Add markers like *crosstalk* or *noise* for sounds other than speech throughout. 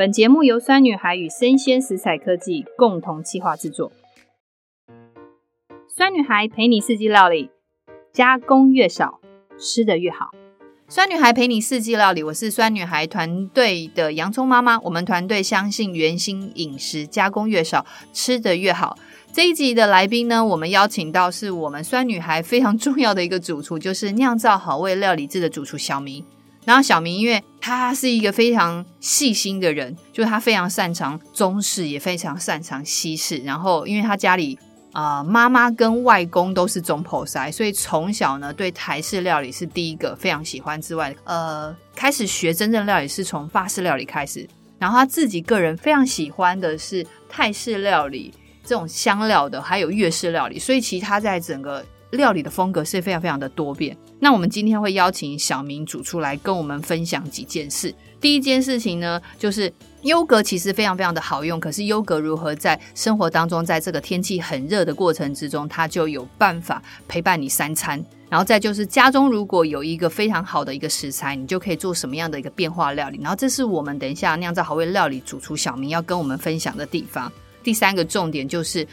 本節目由酸女孩與聲鮮時采科技共同企劃製作。酸女孩陪你四季料理，加工越少，吃得越好。酸女孩陪你四季料理，我是酸女孩團隊的洋蔥媽媽。我們團隊相信原型飲食，加工越少，吃得越好。這一集的來賓呢，我們邀請到是我們酸女孩非常重要的一個主廚，就是釀造好味料理誌的主廚小銘。然後小銘，因為他是一個非常細心的人，就他非常擅長中式，也非常擅長西式。然後，因為他家裡啊、呃，媽媽跟外公都是總舖師，所以從小呢，對台式料理是第一個非常喜歡。之外，呃，開始學真正料理是從法式料理開始。然後他自己個人非常喜歡的是泰式料理這種香料的，還有粵式料理。所以，其實他在整個。料理的風格是非常非常的多變。那我們今天會邀請小銘主廚來跟我們分享幾件事。第一件事情呢，就是優格其實非常非常的好用。可是優格如何在生活當中，在這個天氣很熱的過程之中，它就有辦法陪伴你三餐。然後再就是家中如果有一個非常好的一個食材，你就可以做什麼樣的一個變化料理。然後這是我們等一下釀造好味料理主廚小銘要跟我們分享的地方。第三個重點就是。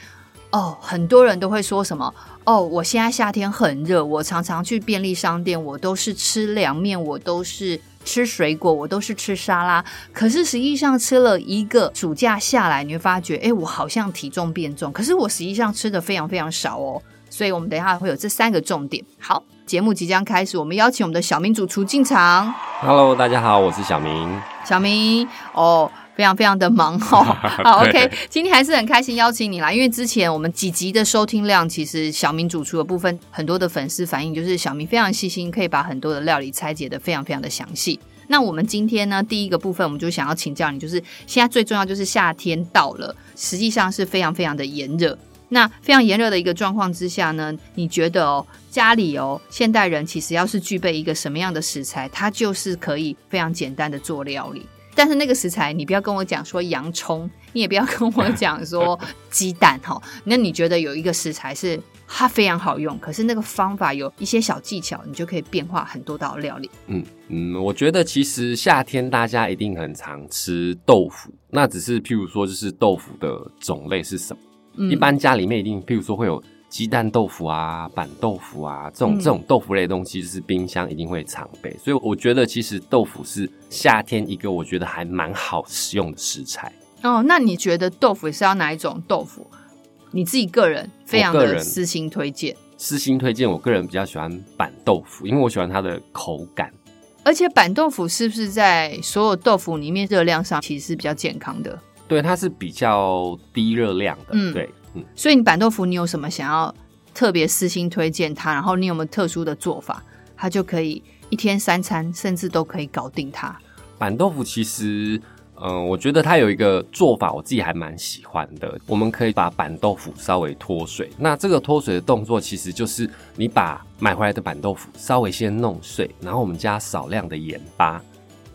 哦，很多人都會說什麼？哦，我現在夏天很熱，我常常去便利商店，我都是吃涼麵，我都是吃水果，我都是吃沙拉。可是實際上，吃了一個暑假下來，你會發覺，哎，我好像體重變重。可是我實際上吃得非常非常少哦。所以，我們等一下會有這三個重點。好，節目即將開始，我們邀請我們的小銘主廚進場。Hello，大家好，我是小銘。小銘，哦。非常非常的忙、哦，好好 OK。今天還是很開心邀請你來，因為之前我們幾集的收聽量，其實小銘主廚的部分很多的粉絲反映就是小銘非常細心，可以把很多的料理拆解得非常非常的詳細。那我們今天呢，第一個部分我們就想要請教你，就是現在最重要就是夏天到了，實際上是非常非常的炎熱。那非常炎熱的一個狀況之下呢，你覺得哦，家裡哦，現代人其實要是具備一個什麼樣的食材，它就是可以非常簡單的做料理。但是那個食材，你不要跟我講說洋蔥，你也不要跟我講說雞蛋，哈。 *laughs* 那你覺得有一個食材是它非常好用，可是那個方法有一些小技巧，你就可以變化很多道料理。嗯嗯，我覺得其實夏天大家一定很常吃豆腐，那只是譬如說就是豆腐的種類是什麼？嗯、一般家裡面一定譬如說會有。雞蛋豆腐啊，板豆腐啊，這種這種豆腐類的東西就是冰箱一定會常備，嗯，所以我覺得其實豆腐是夏天一個我覺得還蠻好食用的食材。哦，那你覺得豆腐是要哪一種豆腐？你自己個人非常的私心推薦？私心推薦，我個人比較喜歡板豆腐，因為我喜歡它的口感。而且板豆腐是不是在所有豆腐裡面熱量上其實是比較健康的？對，它是比較低熱量的。嗯，對。所以你板豆腐，你有什麼想要特別私心推薦它？然後你有沒有特殊的做法，它就可以一天三餐甚至都可以搞定它？板豆腐其實，嗯，我覺得它有一個做法，我自己還蠻喜歡的。我們可以把板豆腐稍微脫水，那這個脫水的動作其實就是你把買回來的板豆腐稍微先弄碎，然後我們加少量的鹽巴，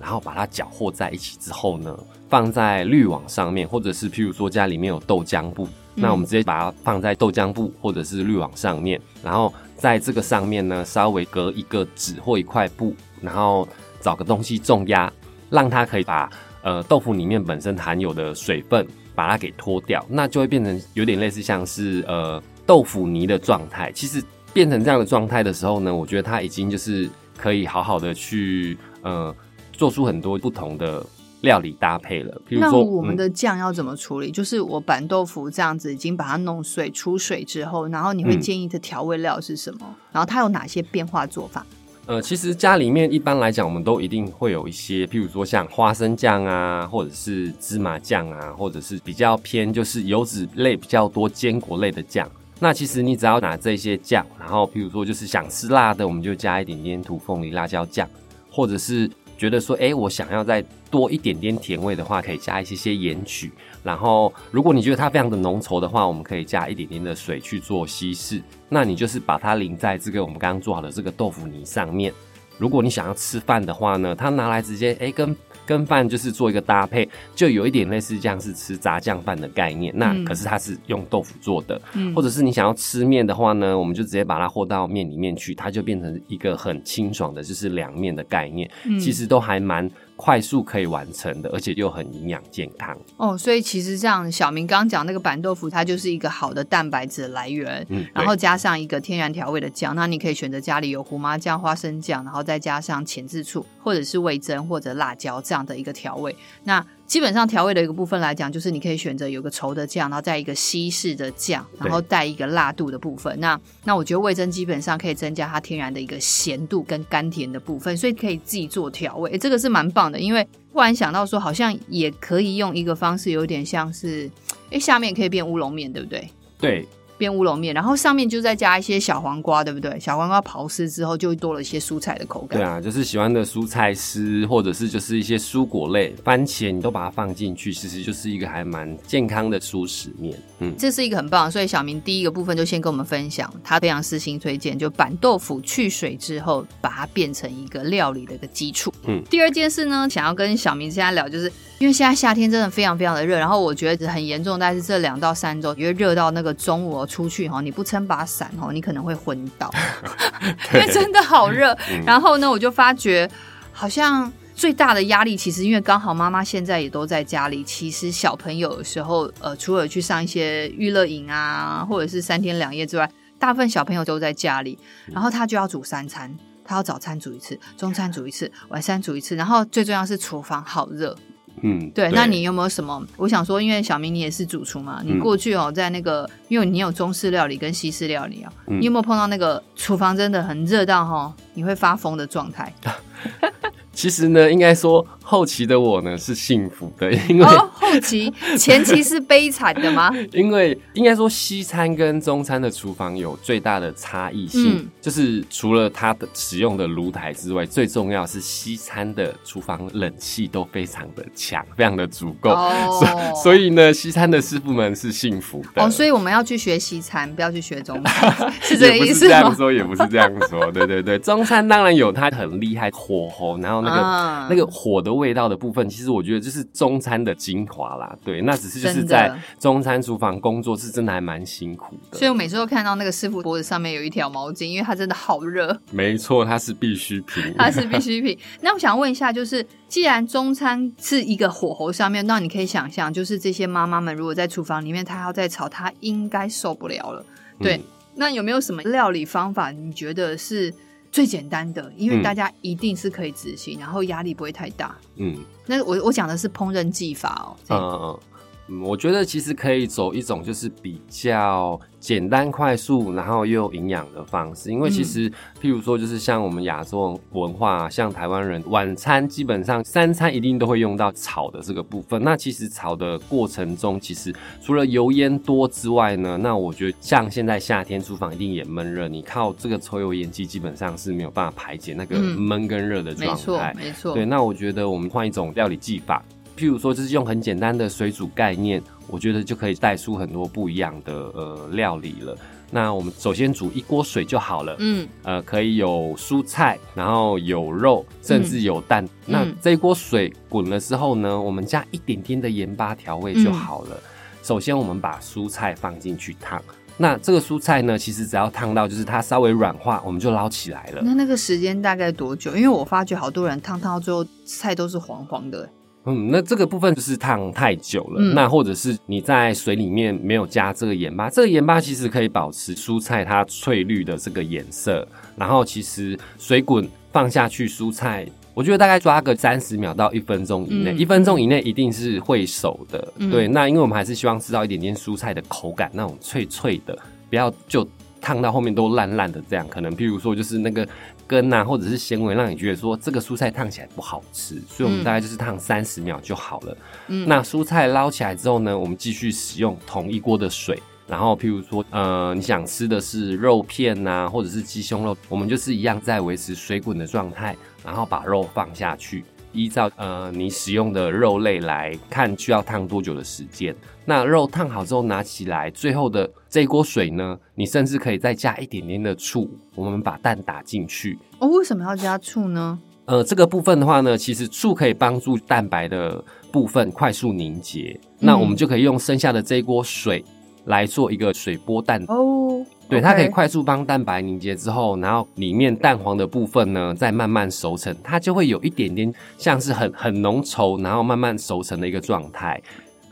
然後把它攪和在一起之後呢，放在濾網上面，或者是譬如說家裡面有豆漿布。那我們直接把它放在豆漿布或者是濾網上面，然後在這個上面呢，稍微隔一個紙或一塊布，然後找個東西重壓，讓它可以把呃豆腐裡面本身含有的水分把它給脫掉，那就會變成有點類似像是呃豆腐泥的狀態。其實變成這樣的狀態的時候呢，我覺得它已經就是可以好好的去呃做出很多不同的。料理搭配了，譬如說那我們的醬要怎麼處理？嗯、就是我板豆腐這樣子已經把它弄碎出水之後，然後你會建議的調味料是什麼？嗯、然後它有哪些變化做法？呃，其實家裡面一般來講，我們都一定會有一些，譬如說像花生醬啊，或者是芝麻醬啊，或者是比較偏就是油脂類比較多，堅果類的醬。那其實你只要拿這些醬，然後譬如說就是想吃辣的，我們就加一點土鳳梨辣椒醬，或者是。覺得說，哎，我想要再多一點點甜味的話，可以加一些些鹽麴。然後，如果你覺得它非常的濃稠的話，我們可以加一點點的水去做稀釋。那你就是把它淋在這個我們剛剛做好的這個豆腐泥上面。如果你想要吃飯的話呢，它拿來直接哎，跟。跟飯就是做一個搭配，就有一點類似這樣是吃炸醬飯的概念。嗯、那可是它是用豆腐做的，嗯、或者是你想要吃麵的話呢，我們就直接把它和到麵裡面去，它就變成一個很清爽的，就是涼麵的概念。嗯、其實都還蠻。快速可以完成的，而且又很營養健康哦。所以其實像小銘剛講那個板豆腐，它就是一個好的蛋白質來源。嗯，然後加上一個天然調味的醬，那你可以選擇家裡有胡麻醬、花生醬，然後再加上淺漬醋或者是味噌或者辣椒這樣的一個調味。那基本上調味的一個部分來講，就是你可以選擇有個稠的醬，然後再一個稀釋的醬，然後帶一個辣度的部分。對那那我覺得味噌基本上可以增加它天然的一個鹹度跟甘甜的部分，所以可以自己做調味。欸，這個是蠻棒的。因為忽然想到說，好像也可以用一個方式，有點像是，哎，下面可以變烏龍麵，對不對？對。變烏龍麵，然後上面就再加一些小黃瓜，對不對？小黃瓜刨絲之後，就多了一些蔬菜的口感。對啊，就是喜歡的蔬菜絲，或者是就是一些蔬果類，番茄你都把它放進去，其實就是一個還蠻健康的熟食麵。嗯，這是一個很棒。所以小銘第一個部分就先跟我們分享，他非常私心推薦，就板豆腐去水之後，把它變成一個料理的一個基礎。嗯，第二件事呢，想要跟小銘現在聊就是。因為現在夏天真的非常非常的熱，然後我覺得很嚴重，但是這兩到三周，因為熱到那個中午出去哈，你不撐把傘哈，你可能會昏倒， *laughs* 因為真的好熱。對然後呢，我就發覺好像最大的壓力，其實因為剛好媽媽現在也都在家裡。其實小朋友的時候，呃，除了去上一些娛樂營啊，或者是三天兩夜之外，大部分小朋友都在家裡。然後他就要煮三餐，他要早餐煮一次，中餐煮一次，晚餐煮一次。然後最重要是廚房好熱。嗯，對，對，那你有沒有什麼？我想說，因為小銘你也是主廚嘛，你過去哦，嗯、在那個，因為你有中式料理跟西式料理啊、哦，嗯、你有沒有碰到那個廚房真的很熱到哈、哦，你會發瘋的狀態？ *laughs* 其實呢，應該說後期的我呢是幸福的，因為、哦、後期前期是悲慘的嗎？ *laughs* 因為應該說西餐跟中餐的廚房有最大的差異性，嗯、就是除了它的使用的爐台之外，最重要是西餐的廚房冷氣都非常的強，非常的足夠，哦、所以，所以呢，西餐的師傅們是幸福的。哦，所以我們要去學西餐，不要去學中餐， *laughs* 是這，是這個意思嗎？也不是這樣說，也不是這樣說， *laughs* 對對對，中餐當然有它很厲害火候，然後呢、那個。啊，那個火的味道的部分，其實我覺得就是中餐的精華啦。對，那只是就是在中餐廚房工作是真的還蠻辛苦的。所以我每次都看到那個師傅脖子上面有一條毛巾，因為它真的好熱。沒錯，它是必需品。它是必需品。那我想問一下，就是既然中餐是一個火候上面，那你可以想象，就是這些媽媽們如果在廚房裡面，她要再炒，她應該受不了了。對，嗯，那有沒有什麼料理方法？你覺得是？最簡單的，因為大家一定是可以執行，嗯、然後壓力不會太大。嗯，那我我講的是烹飪技法、喔、所以，哦、哦、哦。我覺得其實可以走一種就是比較簡單、快速，然後又有營養的方式。因為其實譬如說，就是像我們亞洲文化啊，像台灣人晚餐基本上三餐一定都會用到炒的這個部分。那其實炒的過程中，其實除了油煙多之外呢，那我覺得像現在夏天廚房一定也悶熱，你靠這個抽油煙機基本上是沒有辦法排解那個悶跟熱的狀態。嗯。沒錯，沒錯。對，那我覺得我們換一種料理技法。譬如說，就是用很簡單的水煮概念，我覺得就可以帶出很多不一樣的呃料理了。那我們首先煮一鍋水就好了，嗯，呃，可以有蔬菜，然後有肉，甚至有蛋。嗯、那這鍋水滾了之後呢，我們加一點點的鹽巴調味就好了。嗯、首先，我們把蔬菜放進去燙。那這個蔬菜呢，其實只要燙到就是它稍微軟化，我們就撈起來了。那那個時間大概多久？因為我發覺好多人燙燙到最後菜都是黃黃的。嗯，那這個部分就是燙太久了，嗯、那或者是你在水裡面沒有加這個鹽巴。這個鹽巴其實可以保持蔬菜它翠綠的這個顏色。然後其實水滾放下去，蔬菜我覺得大概抓個三十秒到1分鐘，嗯、一分鐘以內，一分鐘以內一定是會熟的。嗯、對，那因為我們還是希望吃到一點點蔬菜的口感，那種脆脆的，不要就燙到後面都爛爛的這樣。可能譬如說就是那個。根吶、啊，或者是纖維，讓你覺得說這個蔬菜燙起來不好吃，所以我們大概就是燙三十秒就好了。嗯，那蔬菜撈起來之後呢，我們繼續使用同一鍋的水，然後譬如說，呃，你想吃的是肉片吶、啊，或者是雞胸肉，我們就是一樣在維持水滾的狀態，然後把肉放下去。依照呃你使用的肉類來看，需要燙多久的時間？那肉燙好之後拿起來，最後的這一鍋水呢，你甚至可以再加一點點的醋。我們把蛋打進去。哦，為什麼要加醋呢？呃，這個部分的話呢，其實醋可以幫助蛋白的部分快速凝結。嗯。那我們就可以用剩下的這一鍋水來做一個水波蛋。哦。對，它可以快速幫蛋白凝結之後，然後裡面蛋黃的部分呢，再慢慢熟成，它就會有一點點像是很很濃稠，然後慢慢熟成的一個狀態。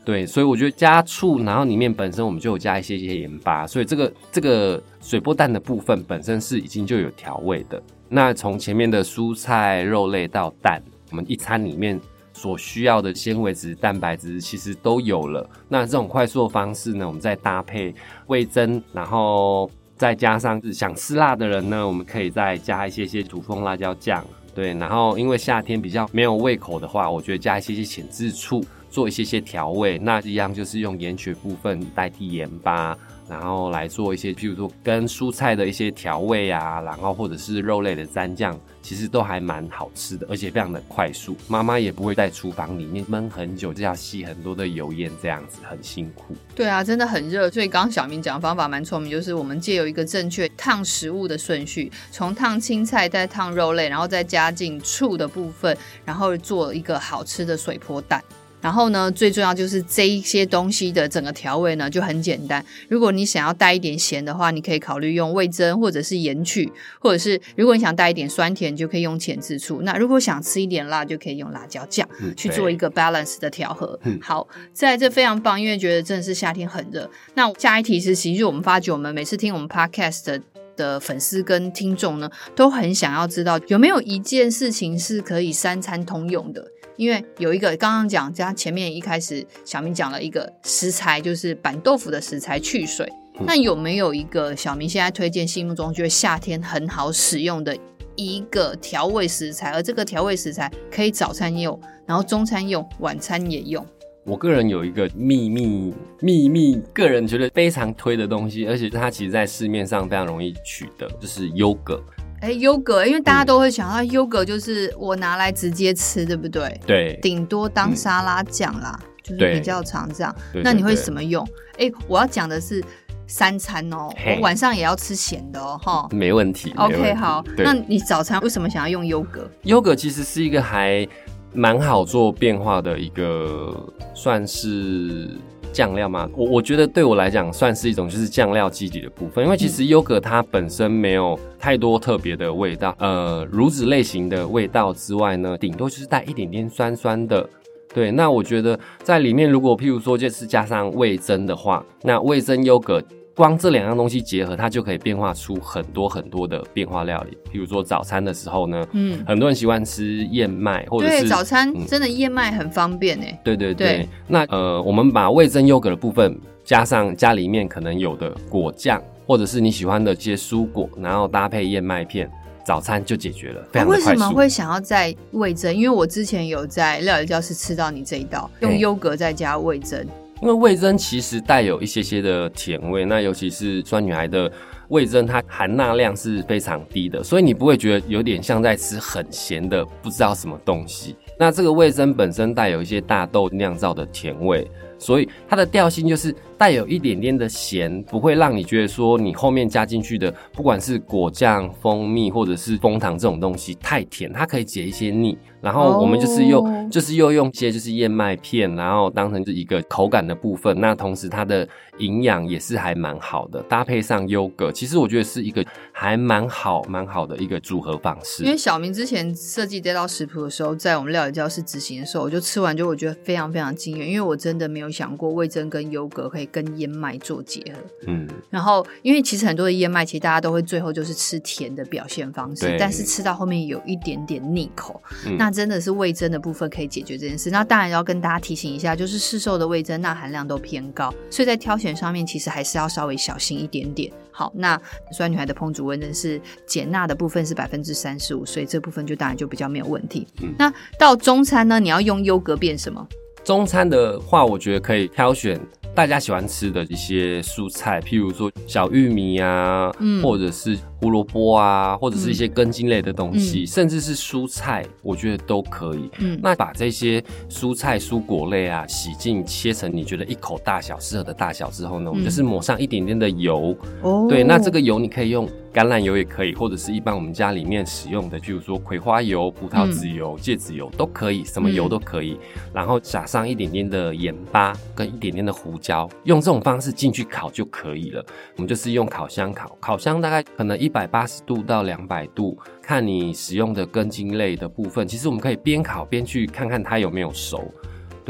對，所以我覺得加醋，然後裡面本身我們就有加一些一些鹽巴，所以這個這個水波蛋的部分本身是已經就有調味的。那從前面的蔬菜、肉類到蛋，我們一餐裡面。所需要的纖維質、蛋白質其實都有了。那這種快速的方式呢，我們再搭配味噌，然後再加上是想吃辣的人呢，我們可以再加一些些土鳳辣椒醬。對，然後因為夏天比較沒有胃口的話，我覺得加一些些淺漬醋做一些些調味。那一樣就是用鹽雪部分代替鹽巴。然後來做一些，譬如說跟蔬菜的一些調味啊，然後或者是肉類的蘸醬，其實都還蠻好吃的，而且非常的快速，媽媽也不會在廚房裡面燜很久，就要吸很多的油煙，這樣子很辛苦。對啊，真的很熱，所以剛剛小銘講的方法蠻聰明，就是我們借由一個正確燙食物的順序，從燙青菜再燙肉類，然後再加進醋的部分，然後做一個好吃的水波蛋。然後呢，最重要就是這一些東西的整個調味呢就很簡單。如果你想要帶一點鹹的話，你可以考慮用味噌或者是鹽去，或者是如果你想帶一點酸甜，就可以用淺漬醋。那如果想吃一點辣，就可以用辣椒醬去做一個 balance 的調和。嗯、好，在這非常棒，因為覺得真的是夏天很熱。那下一題是，其實我們發覺我們每次聽我們 podcast 的。的粉絲跟聽眾呢，都很想要知道有沒有一件事情是可以三餐通用的。因為有一個剛剛講，加前面一開始小銘講了一個食材，就是板豆腐的食材去水。嗯、那有沒有一個小銘現在推薦心目中覺得夏天很好使用的一個調味食材？而這個調味食材可以早餐用，然後中餐用，晚餐也用。.我個人有一個秘密秘密，個人覺得非常推的東西，而且它其實在市面上非常容易取得，就是優格。哎、欸，優格，因為大家都會想到優格就是我拿來直接吃，對不對？對，頂多當沙拉醬啦，嗯、就是比較常這樣。對那你會怎麼用？哎、欸，我要講的是三餐哦、喔，嘿我晚上也要吃鹹的哦、喔，哈，沒問題。Okay, 沒問題 OK，好，對那你早餐為什麼想要用優格？優格其實是一個還。蠻好做變化的一個，算是醬料嗎？我我覺得對我來講，算是一種就是醬料基底的部分，因為其實優格它本身沒有太多特別的味道，呃，乳脂類型的味道之外呢，頂多就是帶一點點酸酸的。對，那我覺得在裡面，如果譬如說這次加上味噌的話，那味噌優格。光這兩樣東西結合，它就可以變化出很多很多的變化料理。譬如說早餐的時候呢，嗯，很多人喜歡吃燕麥，或者是對早餐真的燕麥很方便哎、欸嗯。對對對。對那呃，我們把味噌優格的部分加上家裡面可能有的果醬，或者是你喜歡的一些蔬果，然後搭配燕麥片，早餐就解決了，非常快速。我為什麼會想要在味噌？因為我之前有在料理教室吃到你這一道，用優格再加味噌。欸因為味噌其實帶有一些些的甜味，那尤其是酸女孩的味噌，它含鈉量是非常低的，所以你不會覺得有點像在吃很鹹的不知道什麼東西。那這個味噌本身帶有一些大豆釀造的甜味。所以它的調性就是帶有一點點的鹹，不會讓你覺得說你後面加進去的不管是果醬、蜂蜜或者是楓糖這種東西太甜，它可以解一些膩。然後我們就是又、oh. 就是又用些就是燕麥片，然後當成一個口感的部分。那同時它的營養也是還蠻好的，搭配上優格，其實我覺得是一個還蠻好蠻好的一個組合方式。因為小銘之前設計這道食譜的時候，在我們料理教室執行的時候，我就吃完就我覺得非常非常驚豔，因為我真的沒有。想過味噌跟優格可以跟燕麥做結合，嗯，然後因為其實很多的燕麥，其實大家都會最後就是吃甜的表現方式，對但是吃到後面有一點點膩口，嗯、那真的是味噌的部分可以解決這件事。那當然要跟大家提醒一下，就是市售的味噌鈉含量都偏高，所以在挑選上面其實還是要稍微小心一點點。好，那酸女孩的烹煮味噌是減鈉的部分是百分之三十五，所以這部分就當然就比較沒有問題。嗯、那到中餐呢，你要用優格變什麼？中餐的話，我覺得可以挑選大家喜歡吃的一些蔬菜，譬如說小玉米啊，嗯、或者是胡蘿蔔啊，或者是一些根莖類的東西，嗯嗯、甚至是蔬菜，我覺得都可以。嗯，那把這些蔬菜、蔬果類啊，洗淨切成你覺得一口大小適合的大小之後呢，我們就是抹上一點點的油。嗯、對，那這個油你可以用，橄欖油也可以，或者是一般我們家裡面使用的，譬如說葵花油、葡萄籽油、芥子、嗯、油，芥子油都可以，什麼油都可以。嗯、然後撒上一點點的鹽巴跟一點點的胡椒，用這種方式進去烤就可以了。我們就是用烤箱烤，烤箱大概可能一百八十度到兩百度，看你使用的根莖類的部分。其實我們可以邊烤邊去看看它有沒有熟。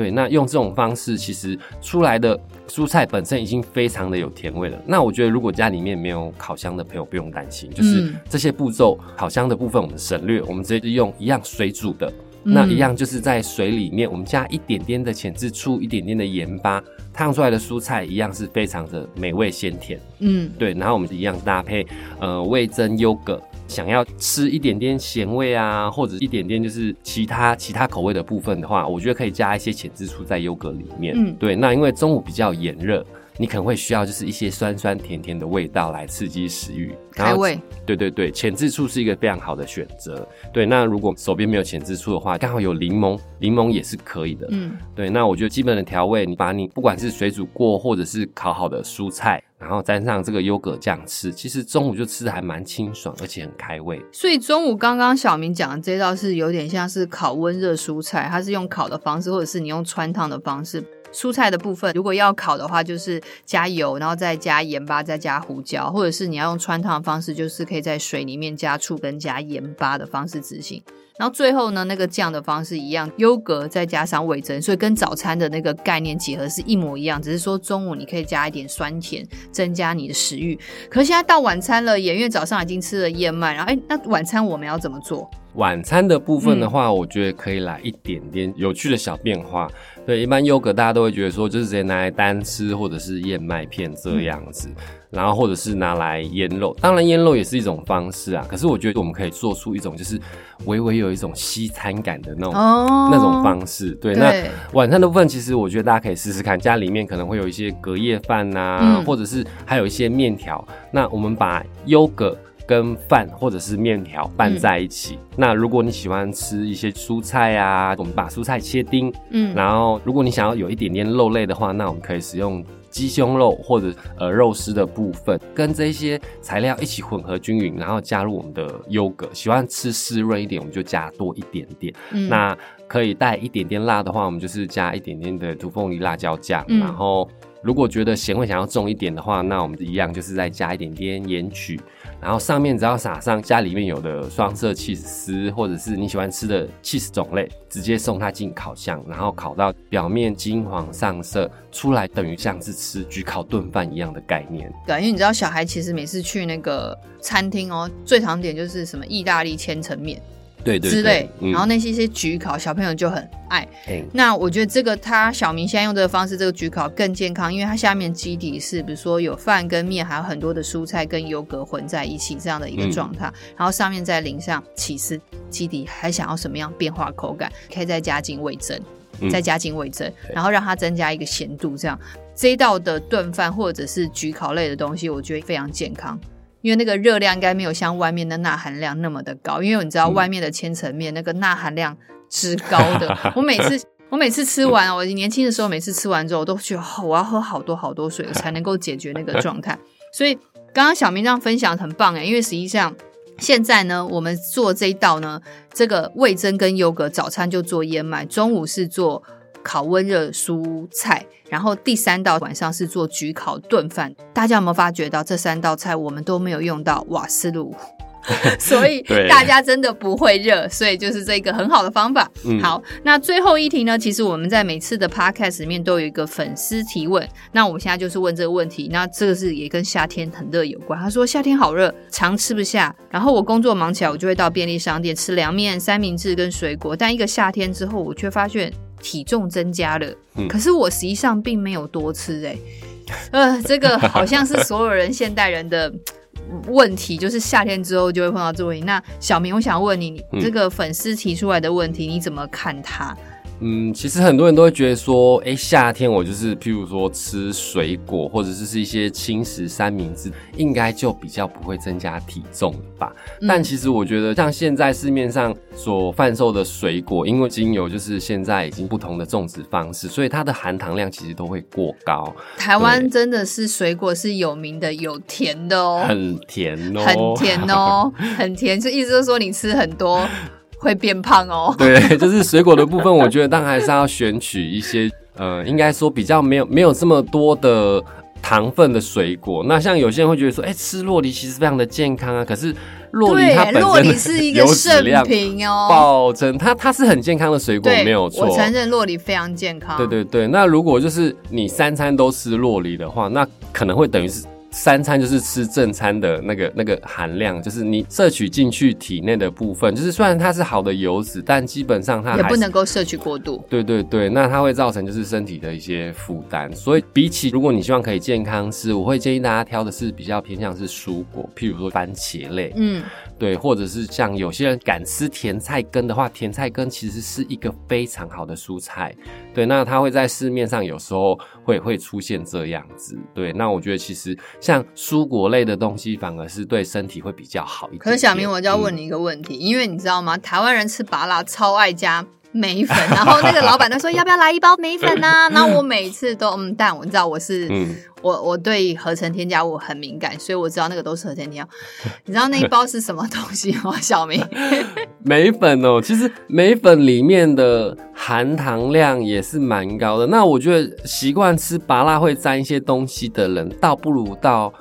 對，那用這種方式其實出來的蔬菜本身已經非常的有甜味了。那我覺得如果家裡面沒有烤箱的朋友不用擔心，就是這些步驟、嗯、烤箱的部分我們省略，我們直接用一樣水煮的。嗯、那一樣就是在水裡面我們加一點點的淺漬醋，一點點的鹽巴，燙出來的蔬菜一樣是非常的美味鮮甜。嗯，對，然後我們一樣搭配呃味噌優格。想要吃一點點鹹味啊，或者一點點就是其他其他口味的部分的話，我覺得可以加一些淺漬醋在優格裡面。嗯，對。那因為中午比較炎熱，你可能會需要就是一些酸酸甜甜的味道來刺激食欲，然後，開胃。對對對，淺漬醋是一個非常好的選擇。對，那如果手邊沒有淺漬醋的話，剛好有檸檬，檸檬也是可以的。嗯，對。那我覺得基本的調味，你把你不管是水煮過或者是烤好的蔬菜。然後沾上這個優格醬吃，其實中午就吃得還蠻清爽，而且很開胃。所以中午剛剛小銘講的這道是有點像是烤溫熱蔬菜，它是用烤的方式，或者是你用汆燙的方式。蔬菜的部分如果要烤的話，就是加油，然後再加鹽巴，再加胡椒，或者是你要用汆燙的方式，就是可以在水裡面加醋跟加鹽巴的方式執行。然後最後呢，那個醬的方式一樣，優格再加上味噌，所以跟早餐的那個概念結合是一模一樣，只是說中午你可以加一點酸甜，增加你的食慾。可是現在到晚餐了，也因為早上已經吃了燕麥，然後哎，那晚餐我們要怎麼做？晚餐的部分的話，嗯、我覺得可以來一點點有趣的小變化。對，一般優格大家都會覺得說，就是直接拿來單吃，或者是燕麥片這樣子，嗯、然後或者是拿來醃肉。當然，醃肉也是一種方式啊。可是我覺得我們可以做出一種，就是微微有一種西餐感的那種、哦、那種方式。對，對那晚餐的部分，其實我覺得大家可以試試看，家裡面可能會有一些隔夜飯啊，嗯、或者是還有一些麵條。那我們把優格。跟飯或者是麵條拌在一起。嗯、那如果你喜歡吃一些蔬菜啊，我們把蔬菜切丁。嗯，然後如果你想要有一點點肉類的話，那我們可以使用雞胸肉或者呃肉絲的部分，跟這些材料一起混合均勻，然後加入我們的優格。喜歡吃濕潤一點，我們就加多一點點。嗯、那可以帶一點點辣的話，我們就是加一點點的土鳳梨辣椒醬。嗯、然後如果覺得鹹味想要重一點的話，那我們一樣就是再加一點點鹽麴。然後上面只要撒上家裡面有的雙色起司，或者是你喜歡吃的起司種類，直接送它進烤箱，然後烤到表面金黃上色，出來等於像是吃焗烤燉飯一樣的概念。對，因為你知道小孩其實每次去那個餐廳哦，最常點就是什麼意大利千層麵。對對對，之類，然後那些些焗烤，嗯、小朋友就很愛。那我覺得這個他小銘現在用這個方式，這個焗烤更健康，因為它下面基底是比如說有飯跟麵，還有很多的蔬菜跟優格混在一起這樣的一個狀態，嗯、然後上面再淋上起司，基底還想要什麼樣變化口感，可以再加進味噌，再加進味噌，嗯、然後讓它增加一個鹹度，這樣這一道的燉飯或者是焗烤類的東西，我覺得非常健康。因為那個熱量應該沒有像外面的鈉含量那麼的高，因為你知道外面的千層麵、嗯、那個鈉含量之高的，我每次我每次吃完，我年輕的時候每次吃完之後，我都覺得我要喝好多好多水我才能夠解決那個狀態。所以剛剛小明這樣分享很棒誒，因為實際上現在呢，我們做這一道呢，這個味噌跟優格早餐就做燕麥，中午是做。烤溫熱蔬菜，然後第三道晚上是做焗烤燉飯。大家有沒有發覺到這三道菜我們都沒有用到瓦斯爐？ *laughs* 對 *laughs* 所以大家真的不會熱，所以就是這個很好的方法。嗯、好，那最後一題呢？其實我們在每次的 podcast 裡面都有一個粉絲提問，那我們現在就是問這個問題。那這個是也跟夏天很熱有關。他說夏天好熱，常吃不下。然後我工作忙起來，我就會到便利商店吃涼麵、三明治跟水果。但一個夏天之後，我卻發現。體重增加了，可是我實際上並沒有多吃誒、欸嗯、呃，這個好像是所有人現代人的問題， *laughs* 就是夏天之後就會碰到這個問題。那小銘，我想問你，你這個粉絲提出來的問題，嗯、你怎麼看他？嗯，其實很多人都會覺得說，誒、欸、夏天我就是，譬如說吃水果，或者是是一些輕食三明治，應該就比較不會增加體重了吧？嗯、但其實我覺得，像現在市面上所販售的水果，因為經由就是現在已經不同的種植方式，所以它的含糖量其實都會過高。台灣真的是水果是有名的，有甜的哦，很甜哦，很甜哦， *laughs* 很甜，就意思就是說你吃很多。會變胖哦，對，就是水果的部分，我覺得當然還是要選取一些， *laughs* 呃，應該說比較沒有沒有這麼多的糖分的水果。那像有些人會覺得說，哎、欸，吃酪梨其實非常的健康啊，可是酪梨耶它本身是一個量品哦，保證它它是很健康的水果，對沒有錯。我承認酪梨非常健康，對對對。那如果就是你三餐都吃酪梨的話，那可能會等於是。三餐就是吃正餐的那個那個含量，就是你攝取進去體內的部分，就是雖然它是好的油脂，但基本上它還也不能夠攝取過度。對對對，那它會造成就是身體的一些負擔。所以比起如果你希望可以健康吃，我會建議大家挑的是比較偏向是蔬果，譬如說番茄類，嗯。對，或者是像有些人敢吃甜菜根的話，甜菜根其實是一個非常好的蔬菜。對，那它會在市面上有時候會會出現這樣子。對，那我覺得其實像蔬果類的東西，反而是對身體會比較好一點點。可是小明，我就要問你一個問題，嗯。因為你知道嗎？台灣人吃芭樂超愛加梅粉，然後那個老板他說，要不要來一包梅粉啊？ *laughs* 然後我每次都嗯，但我知道我是、嗯、我我對合成添加物很敏感，所以我知道那個都是合成添加物。 *laughs* 你知道那一包是什麼東西嗎？小銘梅 *laughs* 粉哦，其實梅粉裡面的含糖量也是蠻高的。那我覺得習慣吃芭樂會沾一些東西的人，倒不如到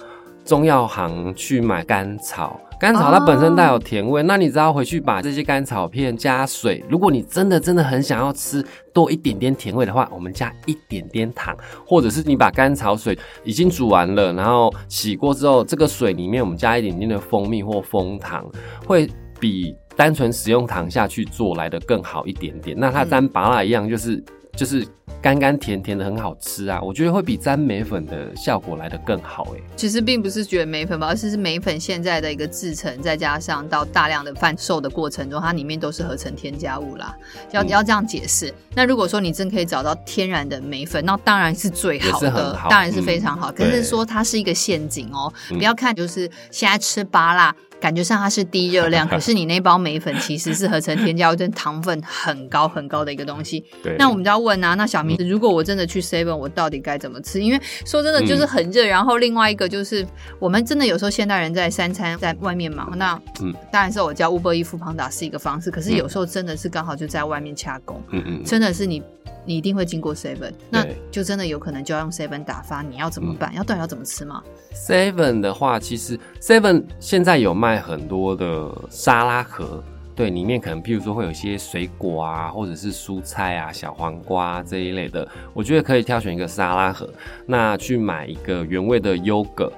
中藥行去買甘草。甘草它本身帶有甜味，哦、那你只要回去把這些甘草片加水。如果你真的真的很想要吃多一點點甜味的話，我們加一點點糖，或者是你把甘草水已經煮完了，然後洗過之後，這個水裡面我們加一點點的蜂蜜或楓糖，會比單純使用糖下去做來的更好一點點。那它跟拔蠟一樣，就是就是。嗯，就是甘甘甜甜的很好吃啊，我覺得會比沾梅粉的效果來得更好哎、欸。其實並不是覺得梅粉吧，而是是梅粉現在的一個製程，再加上到大量的販售的過程中，它裡面都是合成添加物啦。要、嗯、要這樣解釋。那如果說你真可以找到天然的梅粉，那當然是最好的，好嗯、當然是非常好。嗯、可是說它是一個陷阱哦、喔，對嗯、不要看就是現在吃芭樂，感覺上它是低熱量， *laughs* 可是你那包梅粉其實是合成添加物， *laughs* 跟糖分很高很高的一個東西。對那我們就要問啊，那小。如果我真的去 Seven，我到底該怎麼吃？因為說真的，就是很熱。嗯、然後另外一個就是，我們真的有時候現代人在三餐在外面忙，嗯、那、嗯、當然是我叫 Uber Eats、胖達是一個方式。可是有時候真的是剛好就在外面掐工，嗯、真的是你你一定會經過 Seven、嗯、那就真的有可能就要用 Seven 打發。你要怎麼辦？嗯、要到底要怎麼吃嗎？Seven 的話，其實 Seven 現在有賣很多的沙拉盒。對，裡面可能譬如說會有一些水果啊，或者是蔬菜啊、小黃瓜啊，這一類的。我覺得可以挑選一個沙拉盒，那去買一個原味的優格。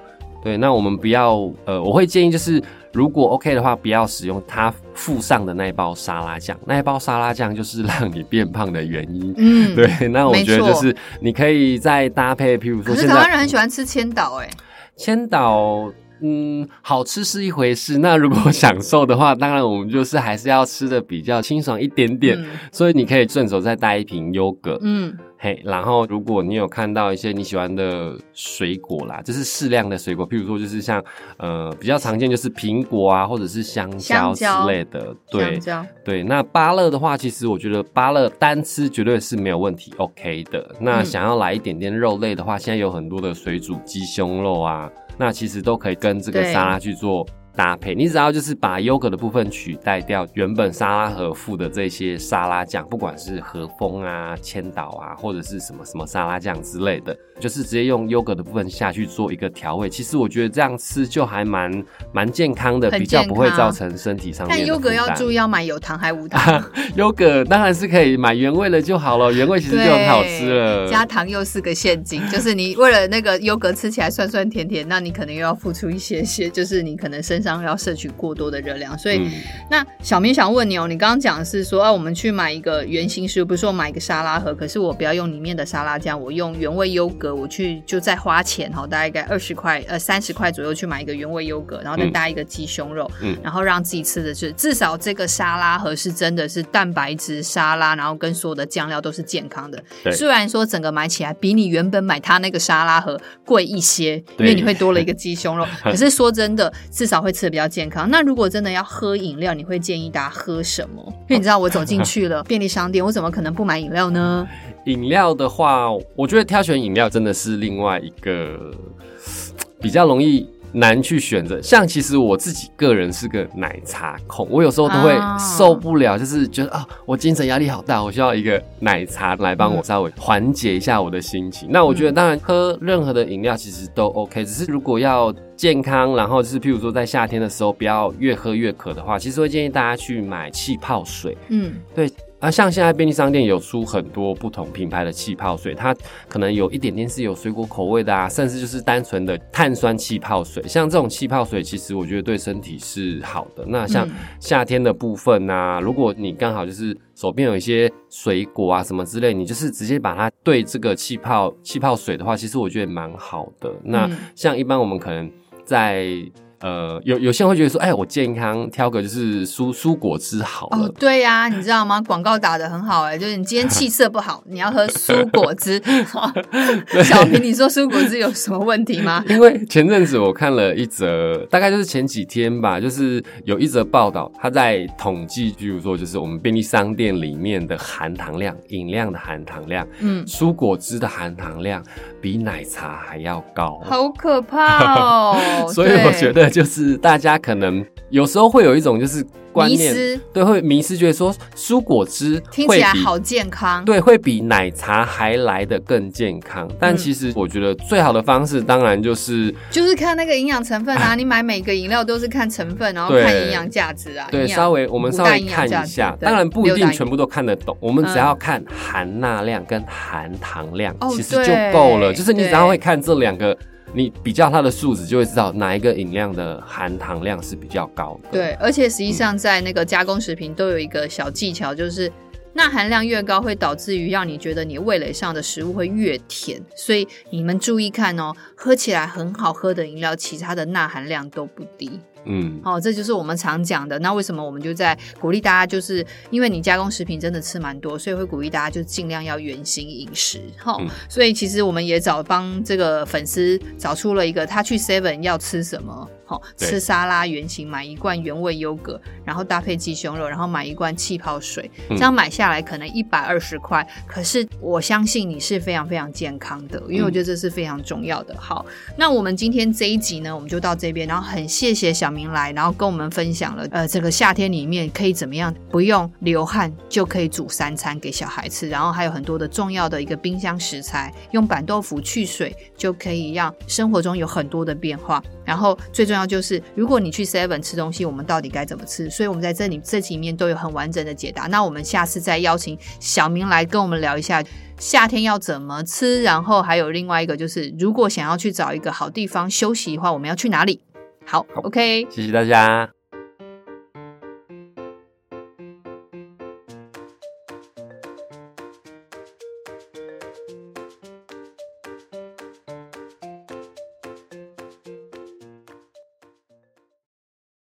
對，那我們不要呃，我會建議就是，如果 OK 的話，不要使用它附上的那一包沙拉醬。那一包沙拉醬就是讓你變胖的原因。嗯，對。那我覺得就是你可以再搭配，譬如說現在可是台灣人很喜歡吃千島哎、欸，千島。嗯，好吃是一回事。那如果享受的話，當然我們就是還是要吃的比較清爽一點點。嗯、所以你可以順手再帶一瓶優格。嗯。嘿，hey，然後如果你有看到一些你喜歡的水果啦，就是適量的水果，譬如說就是像呃比較常見就是蘋果啊，或者是香蕉之類的。香蕉。對。香蕉。對，那芭樂的話，其實我覺得芭樂單吃絕對是沒有問題，OK 的。那想要來一點點肉類的話，嗯，現在有很多的水煮雞胸肉啊，那其實都可以跟這個沙拉去做。搭配，你只要就是把優格的部分取代掉原本沙拉盒附的這些沙拉醬，不管是和風啊、千島啊，或者是什麼什麼沙拉醬之類的，就是直接用優格的部分下去做一個調味。其實我覺得這樣吃就還蠻蠻健康的，比較不會造成身體上面的負擔。但優格要注意，要買有糖還無糖優格、？ *laughs* 啊、優格當然是可以買原味的就好了。原味其實就很好吃了，加糖又是個陷阱，就是你為了那個優格吃起來酸酸甜甜， *laughs* 那你可能又要付出一些些，就是你可能身要攝取過多的熱量，所以、嗯、那小明想問你哦，你剛剛講的是說啊，我們去買一個原型食物，比如說買一個沙拉盒，可是我不要用裡面的沙拉醬，我用原味優格，我去就再花錢哈，大概二十塊呃三十塊左右去買一個原味優格，然後再搭一個雞胸肉，嗯、然後讓自己吃的是至少這個沙拉盒是真的是蛋白質沙拉，然後跟所有的醬料都是健康的，對雖然說整個買起來比你原本買它那個沙拉盒貴一些，對因為你會多了一個雞胸肉， *laughs* 可是說真的，至少會。吃的比較健康。那如果真的要喝飲料，你會建議大家喝什麼？因為你知道我走進去了 *laughs* 便利商店，我怎麼可能不買飲料呢？飲料的話，我覺得挑選飲料真的是另外一個比較容易難去選擇，像其實我自己個人是個奶茶控，我有時候都會受不了，就是覺得啊，我精神壓力好大，我需要一個奶茶來幫我稍微緩解一下我的心情。那我覺得當然喝任何的飲料其實都 OK，只是如果要健康，然後就是譬如說在夏天的時候不要越喝越渴的話，其實會建議大家去買氣泡水。嗯，對。而、啊、像現在便利商店有出很多不同品牌的氣泡水，它可能有一點點是有水果口味的啊，甚至就是單純的碳酸氣泡水。像這種氣泡水，其實我覺得對身體是好的。那像夏天的部分啊，嗯、如果你剛好就是手邊有一些水果啊什麼之類，你就是直接把它兌這個氣泡氣泡水的話，其實我覺得蠻好的。那像一般我們可能在。呃，有有些人會覺得說，哎，我健康挑個就是蔬蔬果汁好了。哦、對呀、啊，你知道嗎？廣告打得很好哎、欸，就是你今天氣色不好， *laughs* 你要喝蔬果汁。小銘，你說蔬果汁有什麼問題嗎？因為前陣子我看了一則，大概就是前幾天吧，就是有一則報道，他在統計，譬如說，就是我們便利商店裡面的含糖量，飲料的含糖量，嗯，蔬果汁的含糖量。比奶茶還要高，好可怕哦！ *laughs* 所以我覺得，就是大家可能有時候會有一種就是。觀念對會迷思，覺得說蔬果汁聽起來好健康，對會比奶茶還來得更健康。但其實我覺得最好的方式當然就是就是看那個營養成分啊。你買每個飲料都是看成分，然後看營養價值啊。對，稍微我們稍微看一下，當然不一定全部都看得懂。我們只要看含鈉量跟含糖量，其實就夠了。就是你只要會看這兩個。你比較它的數值，就會知道哪一個飲料的含糖量是比較高的。對，而且實際上在那個加工食品都有一個小技巧，嗯、就是鈉含量越高，會導致於讓你覺得你味蕾上的食物會越甜。所以你們注意看哦，喝起來很好喝的飲料，其他的鈉含量都不低。嗯，好、哦，這就是我們常講的。那為什麼我們就在鼓勵大家？就是因為你加工食品真的吃蠻多，所以會鼓勵大家就盡量要原形飲食。齁、哦，嗯、所以其實我們也找幫這個粉絲找出了一個，他去 Seven 要吃什麼。吃沙拉原型。對買一罐原味優格，然後搭配雞胸肉，然後買一罐氣泡水，這樣買下來可能一百二十塊。嗯、可是我相信你是非常非常健康的，因為我覺得這是非常重要的。嗯、好，那我們今天這一集呢，我們就到這邊。然後很謝謝小銘來，然後跟我們分享了，呃，這個夏天裡面可以怎麼樣不用流汗就可以煮三餐給小孩吃，然後還有很多的重要的一個冰箱食材，用板豆腐去水就可以讓生活中有很多的變化。然後最重要就是，如果你去 Seven 吃東西，我們到底該怎麼吃？所以我們在這裡這集裡面，都有很完整的解答。那我們下次再邀請小銘來跟我們聊一下夏天要怎麼吃。然後還有另外一個就是，如果想要去找一個好地方休息的話，我們要去哪裡好好？好，OK，謝謝大家。